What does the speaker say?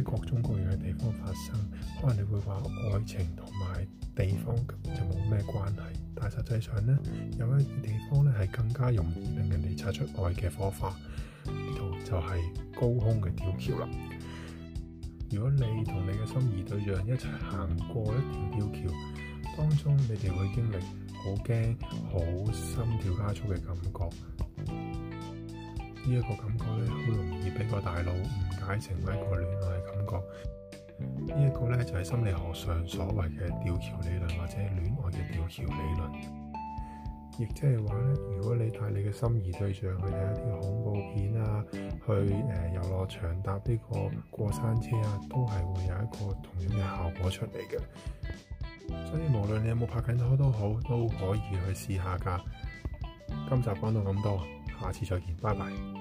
喺各種各樣嘅地方發生，可能你會話愛情同埋地方就冇咩關係，但係實際上呢，有一啲地方咧係更加容易令人哋擦出愛嘅火花。呢度就係高空嘅吊橋啦。如果你同你嘅心儀對象一齊行過一段吊橋，當中你哋會經歷好驚、好心跳加速嘅感覺。呢、這、一個感覺咧，呢個大腦，誤解成為一個戀愛感覺，這個、呢一個咧就係、是、心理學上所謂嘅吊橋理論或者戀愛嘅吊橋理論，亦即係話咧，如果你帶你嘅心儀對象去睇一啲恐怖片啊，去誒、呃、遊樂場搭呢個過山車啊，都係會有一個同樣嘅效果出嚟嘅。所以無論你有冇拍緊拖都好，都可以去試下噶。今集講到咁多，下次再見，拜拜。